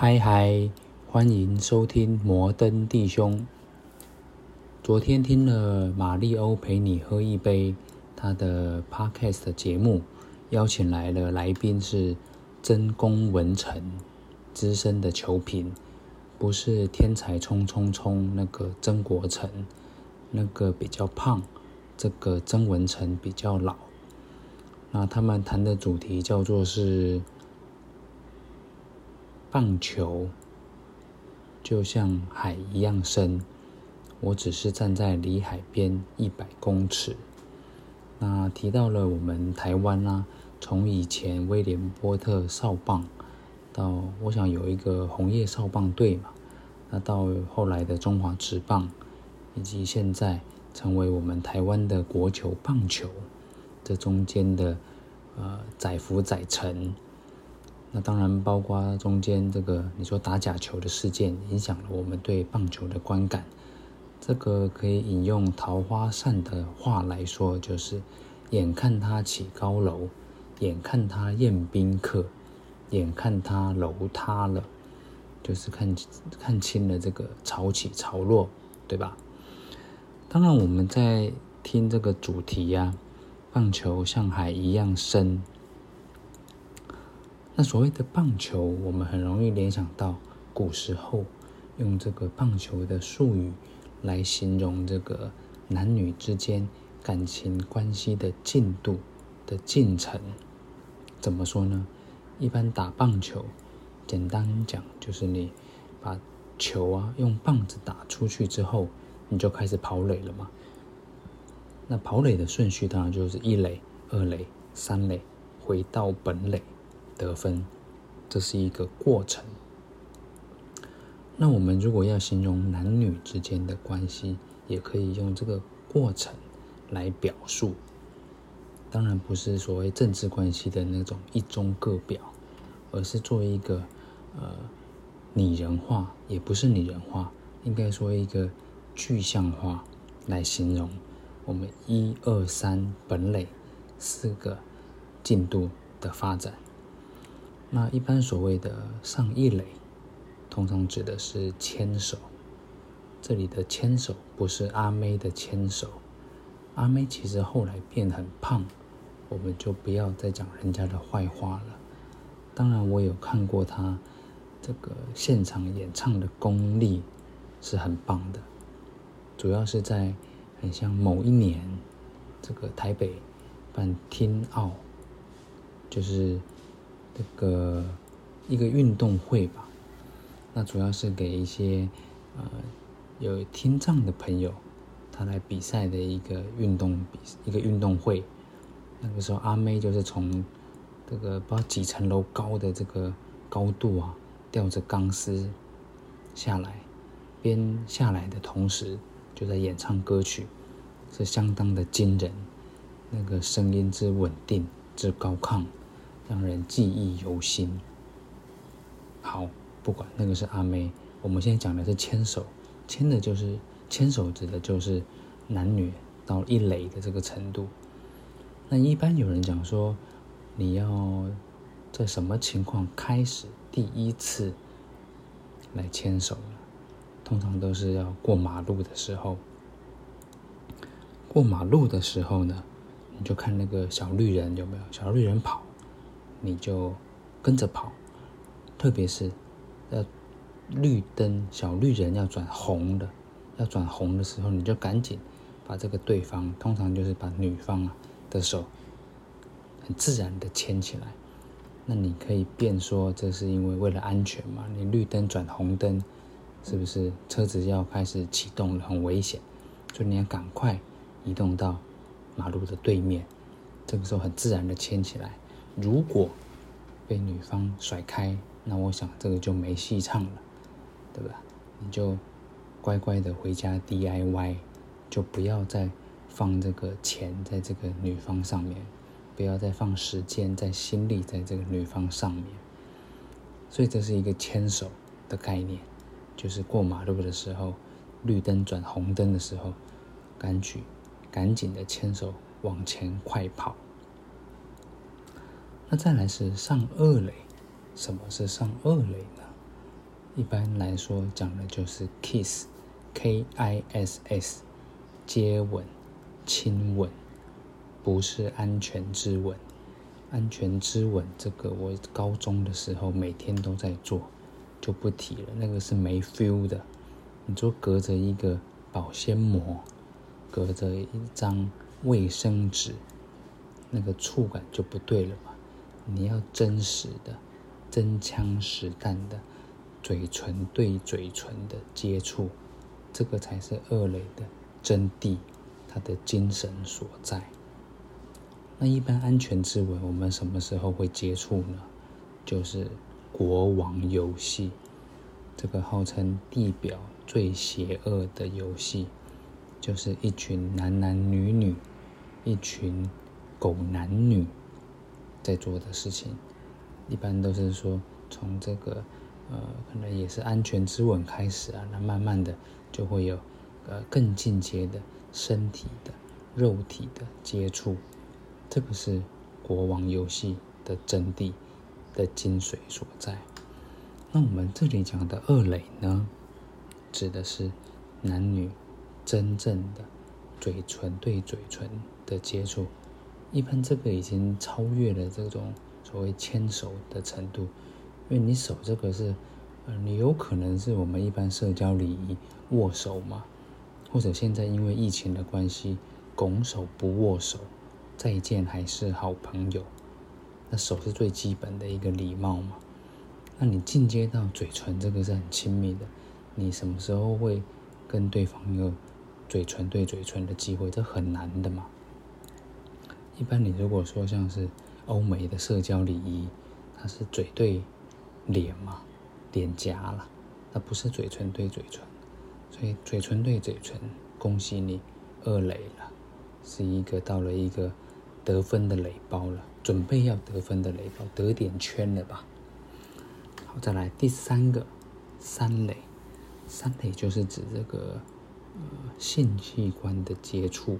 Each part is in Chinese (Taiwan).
嗨嗨，歡迎收聽摩登弟兄。昨天聽了馬力歐陪你喝一杯他的 podcast 節目，邀請來了來賓是曾公文誠，資深的球評，不是天才沖沖沖那個曾國城，那個比較胖，這個曾文誠比較老。那他們談的主題叫做是。棒球就像海一樣深，我只是站在離海邊一百公尺。那提到了我們台灣啦、啊，從以前威廉波特掃棒，到我想有一個紅葉掃棒隊嘛，那到後來的中華直棒，以及現在成為我們台灣的國球棒球，這中間的呃載浮載沉。載那當然，包括中間這個你說打假球的事件，影響了我們對棒球的觀感。這個可以引用桃花扇的話來說，就是“眼看他起高樓，眼看他宴賓客，眼看他樓塌了”，就是看看清了這個潮起潮落，對吧？當然，我們在聽這個主題呀、啊，棒球像海一樣深。那所謂的棒球，我們很容易聯想到古時候用這個棒球的術語來形容這個男女之間感情關係的進度的進程。怎麼說呢？一般打棒球，簡單講就是你把球啊用棒子打出去之後，你就開始跑壘了嘛。那跑壘的順序當然就是一壘、二壘、三壘，回到本壘。得分，這是一個過程。那我們如果要形容男女之間的關係，也可以用這個過程來表述。當然，不是所謂政治關係的那種一中各表，而是作為一個呃擬人化，也不是擬人化，應該說一個具象化來形容我們一二三本壘四個進度的發展。那一般所謂的上一壘，通常指的是牽手。這裡的牽手不是阿妹的牽手，阿妹其實後來變得很胖，我們就不要再講人家的壞話了。當然，我有看過她這個現場演唱的功力是很棒的，主要是在很像某一年這個台北辦聽奧，就是。這個一個運動會吧，那主要是給一些呃有聽障的朋友，他來比賽的一個運動比一個運動會。那個時候阿妹就是從這個不知道幾層樓高的這個高度啊，吊着鋼絲下來，邊下來的同時就在演唱歌曲，是相當的驚人，那個聲音之穩定之高亢，讓人記憶猶新。好，不管那個是阿妹，我們現在講的是牽手，牽的就是牽手，指的就是男女到一壘的這個程度。那一般有人講說，你要在什麼情況開始第一次來牽手呢？通常都是要過馬路的時候。過馬路的時候呢，你就看那個小綠人有沒有小綠人跑。你就跟着跑，特別是要綠燈，小綠人要轉紅的，要轉紅的時候，你就趕緊把這個對方，通常就是把女方啊的手很自然的牽起來。那你可以變說，這是因為為了安全嘛，你綠燈轉紅燈，是不是車子要開始啟動了，很危險，所以你要趕快移動到馬路的對面。這個時候很自然的牽起來。如果被女方甩開，那我想這個就沒戲唱了，對吧？你就乖乖的回家 DIY，就不要再放這個錢在這個女方上面，不要再放時間在心力在這個女方上面。所以這是一個牽手的概念，就是過馬路的時候，綠燈轉紅燈的時候，趕緊趕緊的牽手往前快跑。那再來是上二壘，什麼是上二壘呢？一般來說講的就是 kiss，K I S S，接吻、親吻，不是安全之吻。安全之吻這個我高中的時候每天都在做，就不提了。那個是沒 feel 的，你就隔着一個保鮮膜，隔着一張衛生紙，那個觸感就不對了嘛。你要真實的、真槍實彈的嘴唇對嘴唇的接觸，這個才是二壘的真諦，他的精神所在。那一般安全之吻，我們什麼時候會接觸呢？就是國王遊戲，這個號稱地表最邪惡的遊戲，就是一群男男女女，一群狗男女。在做的事情，一般都是說從這個，呃，可能也是安全之吻開始啊，那慢慢的就會有，呃，更進階的身體的、肉體的接觸，這個是國王遊戲的真諦的精髓所在。那我們這裡講的二壘呢，指的是男女真正的嘴唇對嘴唇的接觸。一般這個已經超越了這種所謂牽手的程度，因為你手這個是，呃，你有可能是我們一般社交禮儀握手嘛，或者現在因為疫情的關係，拱手不握手，再見還是好朋友，那手是最基本的一個禮貌嘛，那你進階到嘴唇這個是很親密的，你什麼時候會跟對方有嘴唇對嘴唇的機會，這很難的嘛。一般你如果說像是歐美的社交禮儀，它是嘴對臉嘛，臉頰了，它不是嘴唇對嘴唇，所以嘴唇對嘴唇，恭喜你二壘了，是一個到了一個得分的壘包了，準備要得分的壘包，得點圈了吧。好，再來第三個，三壘，三壘就是指這個呃性器官的接觸。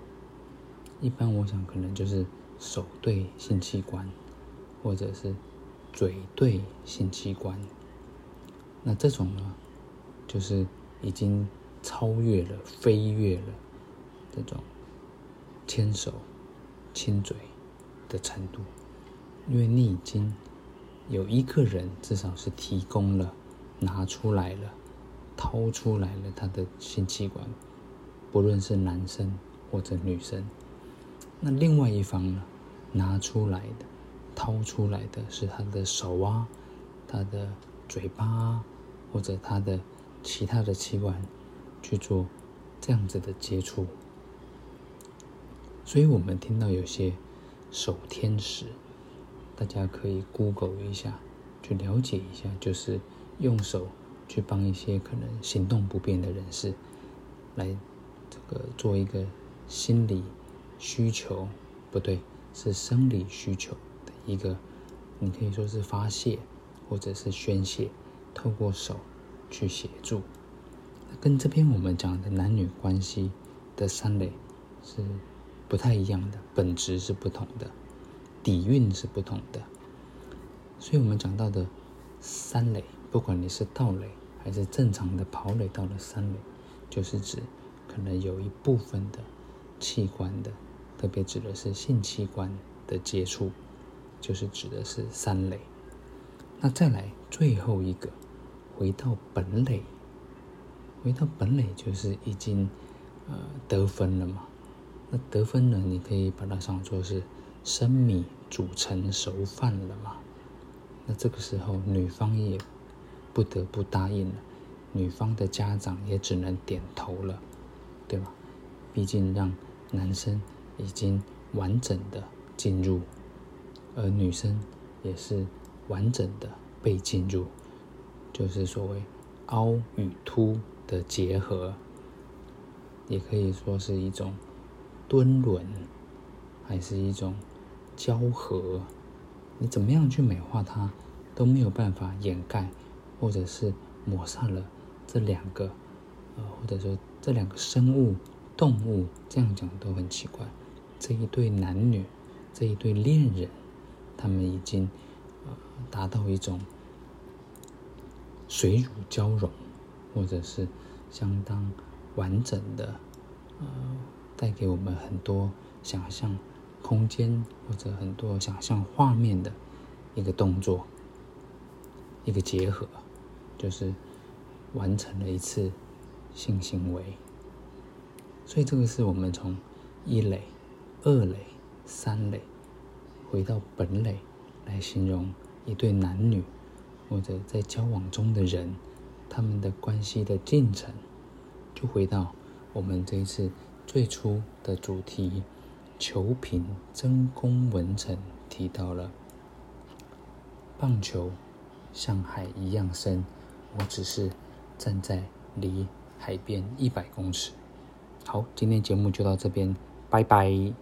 一般我想可能就是手對性器官，或者是嘴對性器官。那這種呢，就是已經超越了，飛躍了這種牽手、親嘴的程度，因為你已經有一個人至少是提供了，拿出來了，掏出來了他的性器官，不論是男生或者女生。那另外一方呢，拿出來的，掏出來的是他的手啊，他的嘴巴啊，或者他的其他的器官去做這樣子的接觸。所以我們聽到有些手天使，大家可以 Google 一下，去了解一下，就是用手去幫一些可能行動不便的人士來這個做一個心理。需求不對，是生理需求的一個，你可以說是發洩或者是宣洩，透過手去協助。那跟這邊我們講的男女關係的三壘是不太一樣的，本質是不同的，底蘊是不同的。所以我們講到的三壘，不管你是盜壘還是正常的跑壘到了三壘，就是指可能有一部分的器官的，特別指的是性器官的接觸，就是指的是三壘。那再來最後一個，回到本壘，回到本壘就是已經呃得分了嘛。那得分呢，你可以把它想作是生米煮成熟飯了嘛。那這個時候，女方也不得不答應了，女方的家長也只能點頭了，對吧？畢竟讓男生。已經完整的進入，而女生也是完整的被進入，就是所謂凹與凸的結合，也可以說是一種敦倫，還是一種交合。你怎麼樣去美化它，都沒有辦法掩蓋，或者是抹殺了這兩個，呃、或者說這兩個生物動物，這樣講都很奇怪。這一對男女，這一對戀人，他們已經呃達到一種水乳交融，或者是相當完整的呃，帶給我們很多想象空間或者很多想象畫面的一個動作，一個結合，就是完成了一次性行為。所以這個是我們從一類。二壘、三壘，回到本壘，來形容一對男女或者在交往中的人，他們的關係的進程，就回到我們這一次最初的主題。球評、曾公文誠提到了，棒球像海一樣深，我只是站在離海邊一百公尺。好，今天節目就到這邊，拜拜。